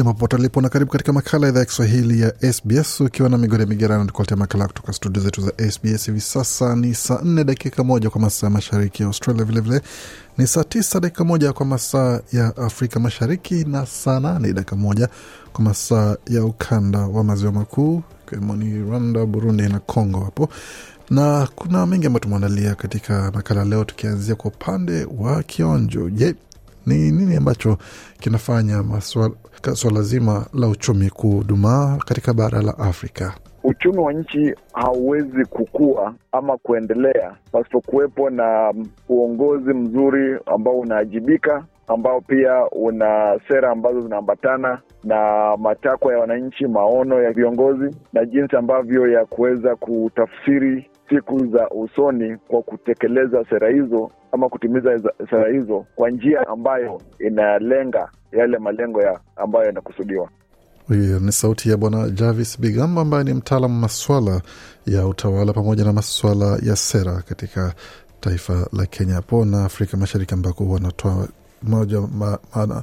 Jambo popote ulipo na karibu katika makala ya idhaa ya Kiswahili ya SBS ukiwa na migode migerano, tukuletea makala kutoka studio zetu za SBS. Hivi sasa ni saa nne dakika moja kwa masaa ya mashariki ya Australia, vilevile vile ni saa tisa dakika moja kwa masaa ya Afrika Mashariki na saa nane dakika moja kwa masaa ya ukanda wa maziwa makuu ikiwemo ni Rwanda, Burundi na Congo hapo na kuna mengi ambayo tumeandalia katika makala leo, tukianzia kwa upande wa kionjo. Je, ni nini ambacho kinafanya maswala, swala zima la uchumi kudumaa katika bara la Afrika? Uchumi wa nchi hauwezi kukua ama kuendelea pasipokuwepo na uongozi mzuri ambao unaajibika ambao pia una sera ambazo zinaambatana na matakwa ya wananchi, maono ya viongozi na jinsi ambavyo ya kuweza kutafsiri siku za usoni kwa kutekeleza sera hizo ama kutimiza sera hizo kwa njia ambayo inalenga yale malengo ya ambayo yanakusudiwa. Hiyo ni sauti ya Bwana javis bigamb ambaye ni mtaalamu maswala ya utawala pamoja na maswala ya sera katika taifa la Kenya po na Afrika Mashariki ambako wanatoa moja ma, maana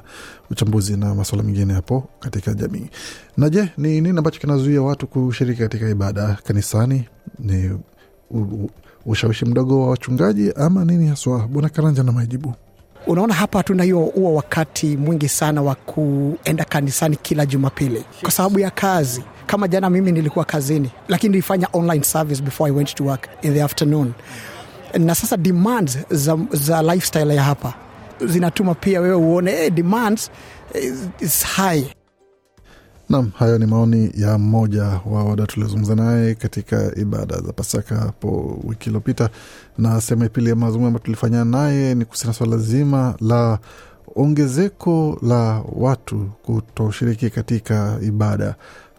uchambuzi na masuala mengine hapo katika jamii. Na je, ni nini ambacho kinazuia watu kushiriki katika ibada kanisani? Ni u, u, ushawishi mdogo wa wachungaji ama nini haswa? Bwana Karanja na majibu. Unaona, hapa tuna hiyo huo wakati mwingi sana wa kuenda kanisani kila Jumapili kwa sababu ya kazi. Kama jana mimi nilikuwa kazini, lakini nilifanya online service before I went to work in the afternoon, na sasa demands za, za lifestyle ya hapa zinatuma pia wewe uone hey, eh, demands eh, is high. Nam, hayo ni maoni ya mmoja wa wada tuliozungumza naye katika ibada za Pasaka hapo wiki iliyopita, na sehemu ya pili ya mazungumzo ambayo tulifanya naye ni kuhusiana swala zima la ongezeko la watu kutoshiriki katika ibada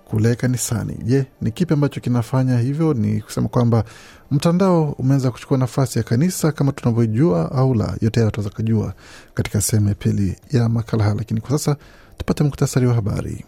kule kanisani. Je, ni kipi ambacho kinafanya hivyo? Ni kusema kwamba mtandao umeweza kuchukua nafasi ya kanisa kama tunavyojua au la? Yote hayo tunaweza kujua katika sehemu ya pili ya makala haya, lakini kwa sasa tupate muktasari wa habari.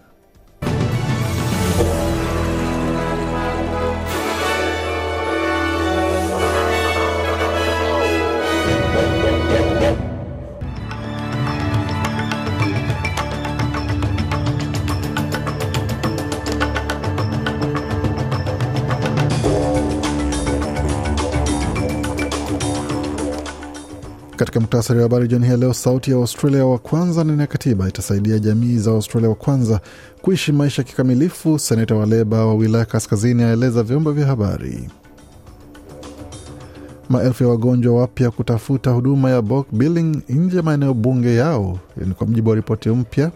Katika muktasari wa habari jioni hii leo, sauti ya Australia wa kwanza ndani ya katiba itasaidia jamii za Australia wa kwanza kuishi maisha kikamilifu. Seneta wa Leba wa wilaya Kaskazini aeleza vyombo vya habari. Maelfu ya wagonjwa wapya kutafuta huduma ya bulk billing nje ya maeneo bunge yao, ni kwa mjibu wa ripoti mpya.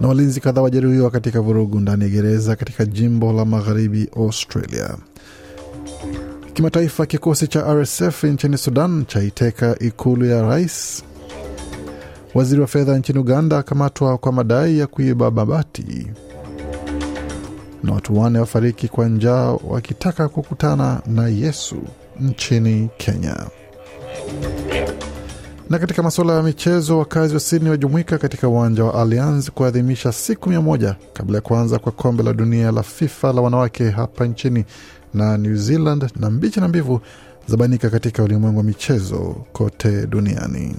Na walinzi kadhaa wajeruhiwa katika vurugu ndani ya gereza katika jimbo la magharibi Australia. Kimataifa, kikosi cha RSF nchini Sudan chaiteka ikulu ya rais. Waziri wa fedha nchini Uganda akamatwa kwa madai ya kuiba mabati, na watu wane wafariki kwa njaa wakitaka kukutana na Yesu nchini Kenya. Na katika masuala ya michezo, wakazi wa Sydney wajumuika katika uwanja wa Allianz kuadhimisha siku mia moja kabla ya kuanza kwa kombe la dunia la FIFA la wanawake hapa nchini na New Zealand na mbichi na mbivu zabainika katika ulimwengu wa michezo kote duniani.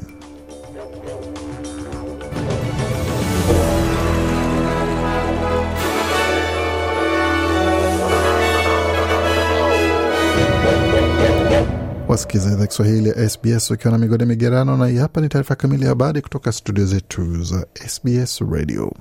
Wasikiza idhaa Kiswahili ya SBS ukiwa na migode migerano, na hii hapa ni taarifa kamili ya habari kutoka studio zetu za SBS Radio.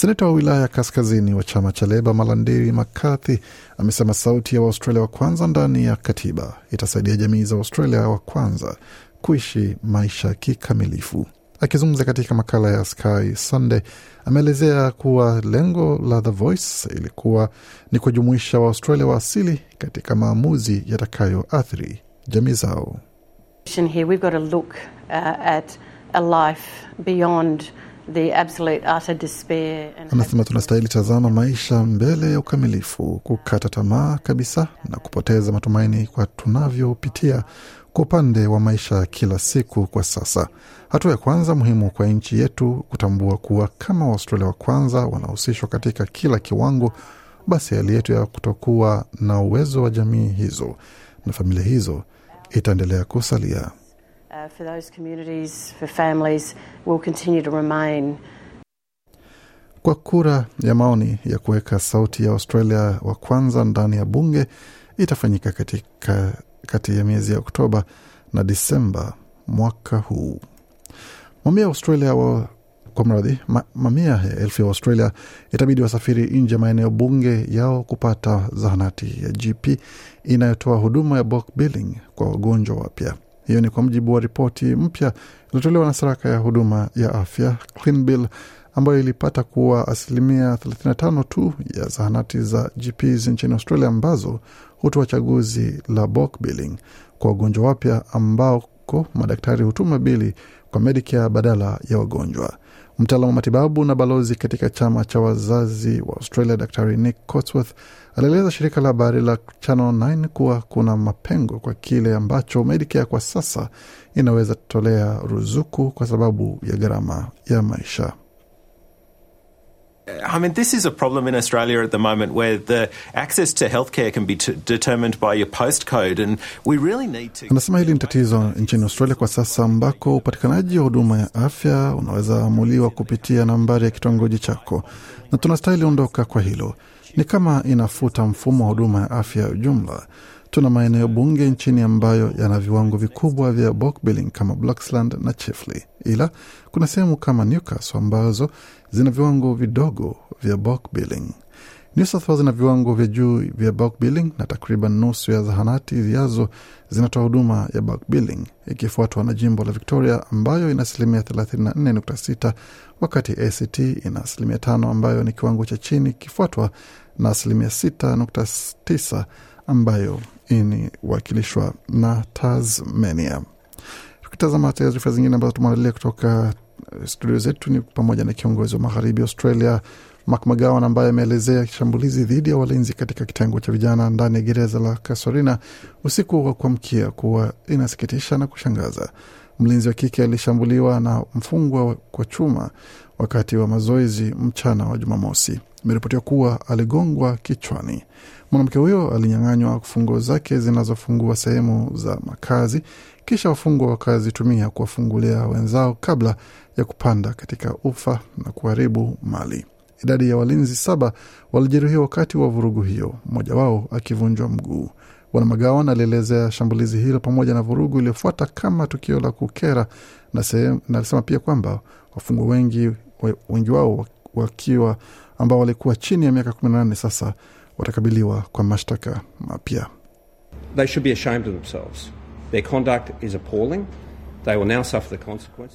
Seneta wa wilaya kaskazini wa chama cha Leba Malandiri makathi amesema sauti ya Waustralia wa kwanza ndani ya katiba itasaidia jamii za Waustralia wa kwanza kuishi maisha kikamilifu. Akizungumza katika makala ya Sky Sunday, ameelezea kuwa lengo la The Voice ilikuwa ni kujumuisha Waustralia wa asili katika maamuzi yatakayoathiri jamii zao. Here we've got to look uh, at a life beyond Anasema tunastahili tazama maisha mbele ya ukamilifu, kukata tamaa kabisa na kupoteza matumaini kwa tunavyopitia kwa upande wa maisha ya kila siku kwa sasa. Hatua ya kwanza muhimu kwa nchi yetu kutambua kuwa kama waustralia wa kwanza wanahusishwa katika kila kiwango, basi hali yetu ya kutokuwa na uwezo wa jamii hizo na familia hizo itaendelea kusalia. Uh, for those communities, for families, will continue to remain. Kwa kura ya maoni ya kuweka sauti ya Australia wa kwanza ndani ya bunge itafanyika katika kati ya miezi ya Oktoba na Disemba mwaka huu. Mamia ya Australia wa kwa mradhi ma, mamia ya elfu ya Australia itabidi wasafiri nje ya maeneo bunge yao kupata zahanati ya GP inayotoa huduma ya bulk billing kwa wagonjwa wapya. Hiyo ni kwa mujibu wa ripoti mpya iliyotolewa na Saraka ya Huduma ya Afya CleanBill ambayo ilipata kuwa asilimia 35 tu ya zahanati za GPs nchini Australia ambazo hutoa chaguzi la bulk billing kwa wagonjwa wapya ambako madaktari hutuma bili kwa Medicare badala ya wagonjwa. Mtaalamu wa matibabu na balozi katika chama cha wazazi wa Australia, dr Nick Cotsworth alieleza shirika la habari la Channel 9 kuwa kuna mapengo kwa kile ambacho Medicare kwa sasa inaweza tolea ruzuku kwa sababu ya gharama ya maisha. I mean, this is a problem in Australia at the moment where the access to healthcare can be t- determined by your postcode and we really need to... Anasema hili ni tatizo nchini Australia kwa sasa ambako upatikanaji wa huduma ya afya unaweza amuliwa kupitia nambari ya kitongoji chako, na tunastahili ondoka kwa hilo. Ni kama inafuta mfumo wa huduma ya afya ujumla. Tuna maeneo bunge nchini ambayo yana viwango vikubwa vya Bockbilling kama Blacksland na Chifley, ila kuna sehemu kama Newcastle ambazo zina viwango vidogo vya Bockbilling. New South Wales ina viwango vya juu vya bulk billing na takriban nusu ya zahanati zijazo zinatoa huduma ya bulk billing ikifuatwa na jimbo la Victoria ambayo ina asilimia 34.6 wakati ACT ina asilimia tano ambayo ni kiwango cha chini ikifuatwa na asilimia 6.9 ambayo iniwakilishwa na Tasmania. Tukitazama taarifa zingine ambazo tumeandalia kutoka eh, studio zetu ni pamoja na kiongozi wa magharibi Australia Mark McGowan ambaye ameelezea shambulizi dhidi ya walinzi katika kitengo cha vijana ndani ya gereza la Kasorina usiku wa kuamkia kuwa inasikitisha na kushangaza. Mlinzi wa kike alishambuliwa na mfungwa kwa chuma wakati wa mazoezi mchana wa Jumamosi. Imeripotiwa kuwa aligongwa kichwani. Mwanamke huyo alinyang'anywa funguo zake zinazofungua sehemu za makazi, kisha wafungwa wakazitumia kuwafungulia wenzao kabla ya kupanda katika ufa na kuharibu mali. Idadi ya walinzi saba walijeruhiwa wakati wa vurugu hiyo, mmoja wao akivunjwa mguu. Bwana McGowan alielezea shambulizi hilo pamoja na vurugu iliyofuata kama tukio la kukera na, na alisema pia kwamba wafungwa wengi, wengi wao wakiwa ambao walikuwa chini ya miaka 18 sasa watakabiliwa kwa mashtaka mapya. They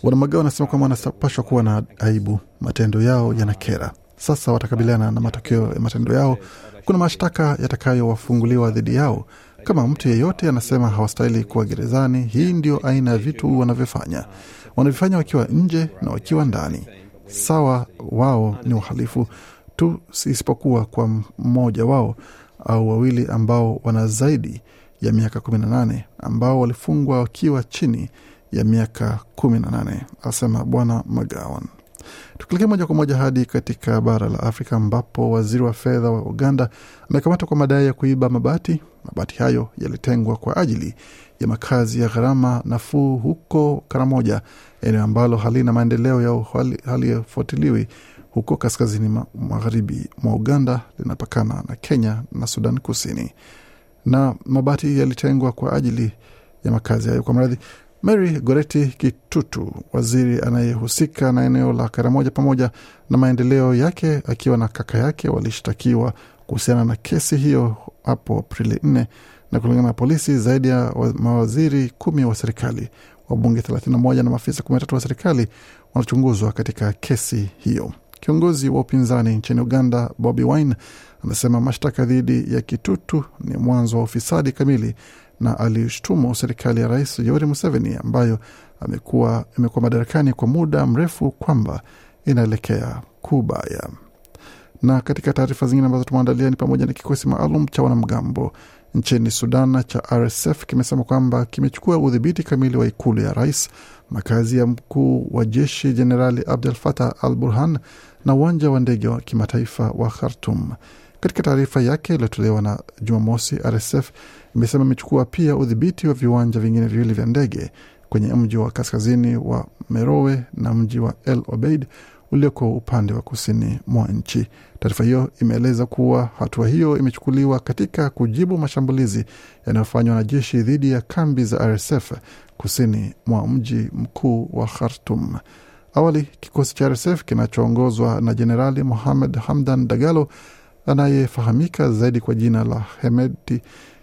Wanamagao wanasema kwamba wanapashwa kuwa na aibu. Matendo yao yanakera. Sasa watakabiliana na matokeo ya matendo yao kuna mashtaka yatakayowafunguliwa dhidi yao kama mtu yeyote anasema hawastahili kuwa gerezani. Hii ndio aina ya vitu wanavyofanya, wanavyofanya wakiwa nje na wakiwa ndani. Sawa, wao ni uhalifu tu, isipokuwa kwa mmoja wao au wawili ambao wana zaidi ya miaka 18 ambao walifungwa wakiwa chini ya miaka 18, asema Bwana McGowan tukilekee moja kwa moja hadi katika bara la Afrika ambapo waziri wa fedha wa Uganda amekamatwa kwa madai ya kuiba mabati. Mabati hayo yalitengwa kwa ajili ya makazi ya gharama nafuu huko Karamoja, eneo ambalo halina maendeleo ya yafuatiliwi huko kaskazini magharibi mwa Uganda, linapakana na Kenya na Sudan Kusini, na mabati yalitengwa kwa ajili ya makazi hayo kwa mradhi Mary Goreti Kitutu, waziri anayehusika na eneo la Karamoja pamoja na maendeleo yake, akiwa na kaka yake walishtakiwa kuhusiana na kesi hiyo hapo Aprili 4 na kulingana na polisi, zaidi ya mawaziri kumi wa serikali, wabunge 31 na maafisa 13 wa serikali wanachunguzwa katika kesi hiyo. Kiongozi wa upinzani nchini Uganda, Bobi Wine, anasema mashtaka dhidi ya Kitutu ni mwanzo wa ufisadi kamili na alishtumu serikali ya Rais Yoweri Museveni ambayo amekuwa imekuwa madarakani kwa muda mrefu kwamba inaelekea kubaya. Na katika taarifa zingine ambazo tumeandalia ni pamoja na kikosi maalum cha wanamgambo nchini Sudan cha RSF kimesema kwamba kimechukua udhibiti kamili wa ikulu ya rais, makazi ya mkuu wa jeshi Jenerali Abdel Fattah al Burhan na uwanja wa ndege wa kimataifa wa Khartum. Katika taarifa yake iliyotolewa na Jumamosi, RSF imesema imechukua pia udhibiti wa viwanja vingine viwili vya ndege kwenye mji wa kaskazini wa Merowe na mji wa El Obeid ulioko upande wa kusini mwa nchi. Taarifa hiyo imeeleza kuwa hatua hiyo imechukuliwa katika kujibu mashambulizi yanayofanywa na jeshi dhidi ya kambi za RSF kusini mwa mji mkuu wa Khartum. Awali kikosi cha RSF kinachoongozwa na Jenerali Mohamed Hamdan Dagalo anayefahamika zaidi kwa jina la Hemedi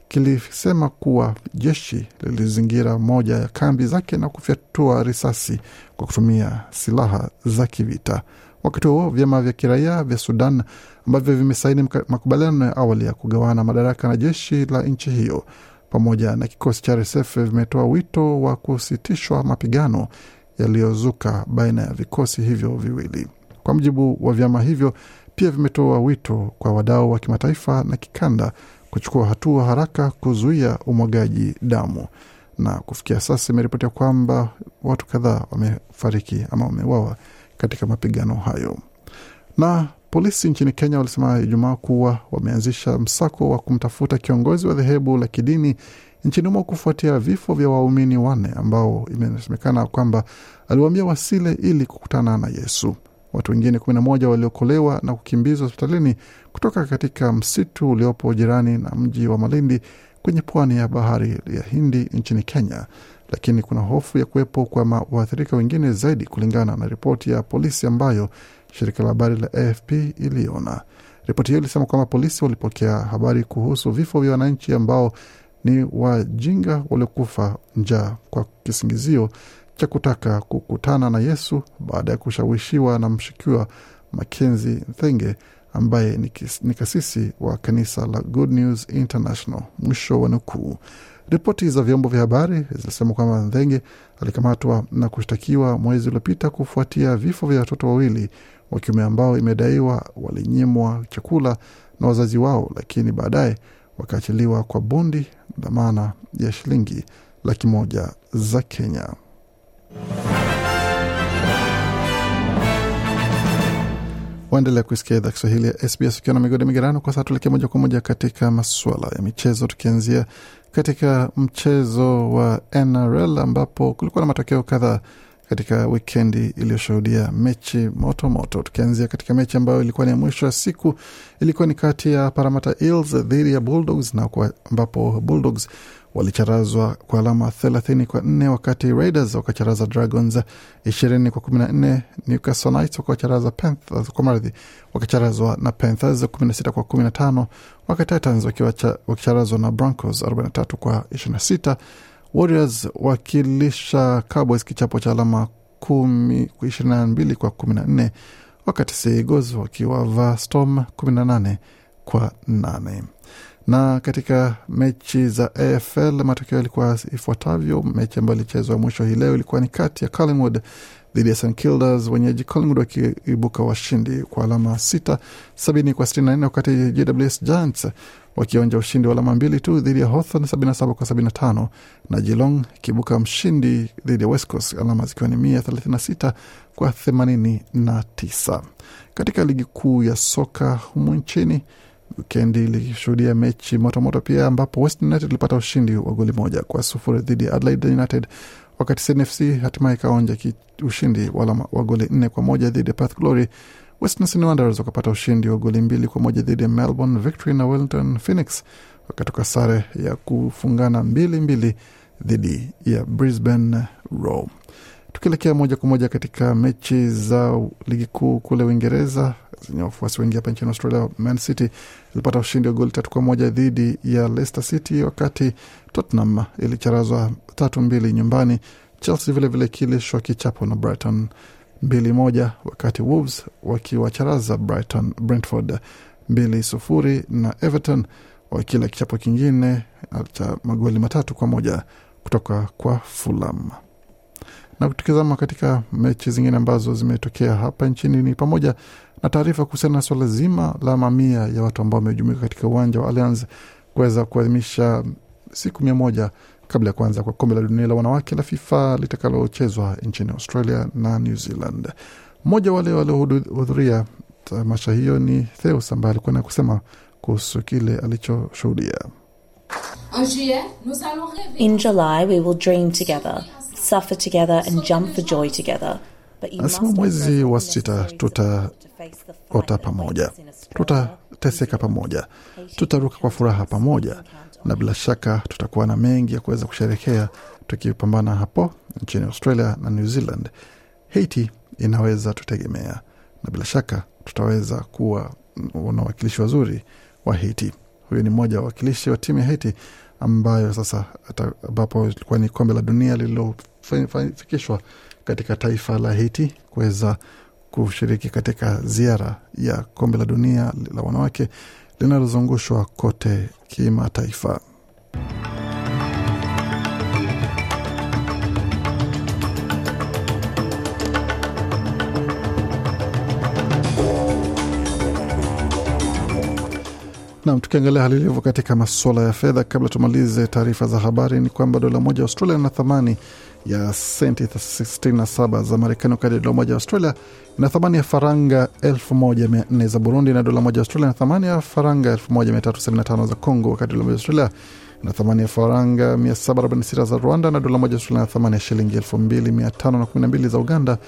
kilisema kuwa jeshi lilizingira moja ya kambi zake na kufyatua risasi kwa kutumia silaha za kivita. Wakati huo vyama vya kiraia vya Sudan ambavyo vimesaini makubaliano ya awali ya kugawana madaraka na jeshi la nchi hiyo pamoja na kikosi cha RSF vimetoa wito wa kusitishwa mapigano yaliyozuka baina ya vikosi hivyo viwili. Kwa mujibu wa vyama hivyo, pia vimetoa wito kwa wadau wa kimataifa na kikanda kuchukua hatua haraka kuzuia umwagaji damu. Na kufikia sasa imeripotia kwamba watu kadhaa wamefariki ama wameuawa katika mapigano hayo. Na polisi nchini Kenya walisema Ijumaa kuwa wameanzisha msako wa kumtafuta kiongozi wa dhehebu la kidini nchini humo kufuatia vifo vya waumini wanne ambao imesemekana kwamba aliwaambia wasile ili kukutana na Yesu. Watu wengine 11 waliokolewa na kukimbizwa hospitalini kutoka katika msitu uliopo jirani na mji wa Malindi kwenye pwani ya bahari ya Hindi nchini Kenya, lakini kuna hofu ya kuwepo kwa waathirika wengine zaidi, kulingana na ripoti ya polisi ambayo shirika la habari la AFP iliona. Ripoti hiyo ilisema kwamba polisi walipokea habari kuhusu vifo vya wananchi ambao ni wajinga waliokufa njaa kwa kisingizio cha kutaka kukutana na Yesu baada ya kushawishiwa na mshukiwa Makenzi Thenge ambaye ni kasisi wa kanisa la Good News International. Mwisho wa nukuu. Ripoti za vyombo vya habari zilisema kwamba Nthenge alikamatwa na kushtakiwa mwezi uliopita kufuatia vifo vya watoto wawili wa kiume ambao imedaiwa walinyimwa chakula na wazazi wao, lakini baadaye wakaachiliwa kwa bondi dhamana ya shilingi laki moja za Kenya. Waendelea kuisikia idhaa Kiswahili ya SBS ukiwa na migodi migerano. Kwa sasa tuelekea moja kwa moja katika masuala ya michezo, tukianzia katika mchezo wa NRL ambapo kulikuwa na matokeo kadhaa katika wikendi iliyoshuhudia mechi moto moto, tukianzia katika mechi ambayo ilikuwa ni ya mwisho ya siku, ilikuwa ni kati ya Parramatta Eels dhidi ya Bulldogs, na kwa ambapo Bulldogs walicharazwa kwa alama 30 kwa 4 wakati Raiders wakacharaza Dragons 20 kwa 14. Newcastle Knights wakacharaza Panthers kwa maradhi wakicharazwa na Panthers 16 kwa 15, wakati Titans wakicharazwa na Broncos 43 kwa 26. Warriors wakilisha Cowboys kichapo cha alama 22 kwa 14, wakati Seagulls wakiwavaa Storm 18 kwa 8. Na katika mechi za AFL matokeo yalikuwa ifuatavyo. Mechi ambayo ilichezwa mwisho hii leo ilikuwa ni kati ya Collingwood dhidi ya St Kildas, wenyeji Collingwood wakiibuka washindi kwa alama sita sabini kwa sitini na nne wakati GWS Giants wakionja ushindi wa alama mbili tu dhidi ya Hawthorn 77 kwa 75 na Geelong ikiibuka mshindi dhidi ya West Coast alama zikiwa ni 36 kwa 89. Katika ligi kuu ya soka humu nchini Wikendi ilishuhudia mechi motomoto moto pia ambapo West United ilipata ushindi wa goli moja kwa sufuri dhidi ya Adelaide United, wakati Sydney hatimaye ikaonja ushindi wa goli nne kwa moja dhidi ya Perth Glory. Western Sydney Wanderers wakapata ushindi wa goli mbili kwa moja dhidi ya Melbourne Victory na Wellington Phoenix wakatoka sare ya kufungana mbili mbili dhidi ya Brisbane Roar. Tukielekea moja kwa moja katika mechi za ligi kuu kule Uingereza zenye wafuasi wengi hapa nchini Australia, Man City ilipata ushindi wa goli tatu kwa moja dhidi ya Leicester City, wakati Tottenham ilicharazwa tatu mbili nyumbani. Chelsea vilevile kilishwa kichapo na Brighton mbili moja, wakati Wolves wakiwacharaza Brighton Brentford mbili sufuri na Everton wakila kichapo kingine cha magoli matatu kwa moja kutoka kwa Fulham. Na tukitazama katika mechi zingine ambazo zimetokea hapa nchini ni pamoja na taarifa kuhusiana na swala zima la mamia ya watu ambao wamejumuika katika uwanja wa Allianz kuweza kuadhimisha siku mia moja kabla ya kuanza kwa kombe la dunia la wanawake la FIFA litakalochezwa nchini Australia na New Zealand. Mmoja wale waliohudhuria tamasha hiyo ni Theus ambaye alikuwa na kusema kuhusu kile alichoshuhudia. In July we will dream together suffer together and jump for joy together. Anasema mwezi wa sita tutaota pamoja, tutateseka pamoja, tutaruka kwa furaha pamoja, na bila shaka tutakuwa na mengi ya kuweza kusherekea tukipambana hapo nchini Australia na New Zealand. Haiti inaweza tutegemea, na bila shaka tutaweza kuwa na wakilishi wazuri wa Haiti. Huyu ni mmoja wa wakilishi wa timu ya Haiti ambayo sasa ambapo ilikuwa ni kombe la dunia lililo kufanikishwa katika taifa la Haiti kuweza kushiriki katika ziara ya kombe la dunia la wanawake linalozungushwa kote kimataifa. Nam, tukiangalia hali ilivyo katika masuala ya fedha, kabla tumalize taarifa za habari, ni kwamba dola moja Australia na thamani ya senti 67 za Marekani, wakati dola moja ya Australia ina thamani ya faranga 1400 za Burundi, na dola moja ya Australia ina thamani ya faranga 1375 za Congo, wakati dola moja ya Australia ina thamani ya faranga 746 za Rwanda, na dola moja ya Australia ina thamani ya shilingi 2512 za Uganda,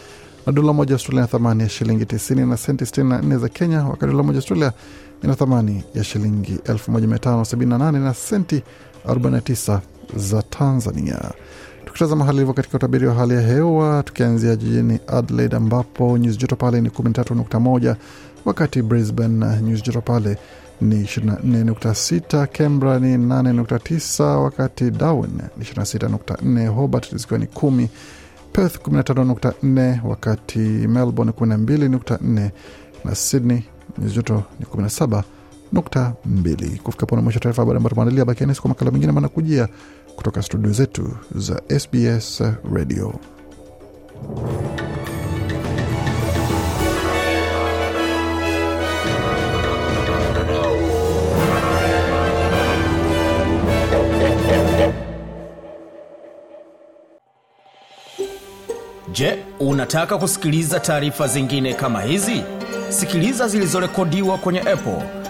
na dola moja ya Australia ina thamani ya shilingi 90 na senti 64 za Kenya, wakati dola moja ya Australia ina thamani ya shilingi 1578 na senti 49 za Tanzania. Tukitazama hali ilivyo katika utabiri wa hali ya hewa, tukianzia jijini Adelaide ambapo nyuzi joto pale ni 13.1, wakati Brisbane nyuzi joto pale ni 24.6, cambra ni 8.9, wakati Darwin ni 26.4, Hobart zikiwa ni 1 peth 15.4, wakati Melbourne 12.4 na Sydney nyuzi joto ni 17 nukta mbili. Kufika pona mwisho taarifa habari ambayo tumeandalia. Bakia nasi kwa makala mengine manakujia kutoka studio zetu za SBS Radio. Je, unataka kusikiliza taarifa zingine kama hizi? Sikiliza zilizorekodiwa kwenye Apple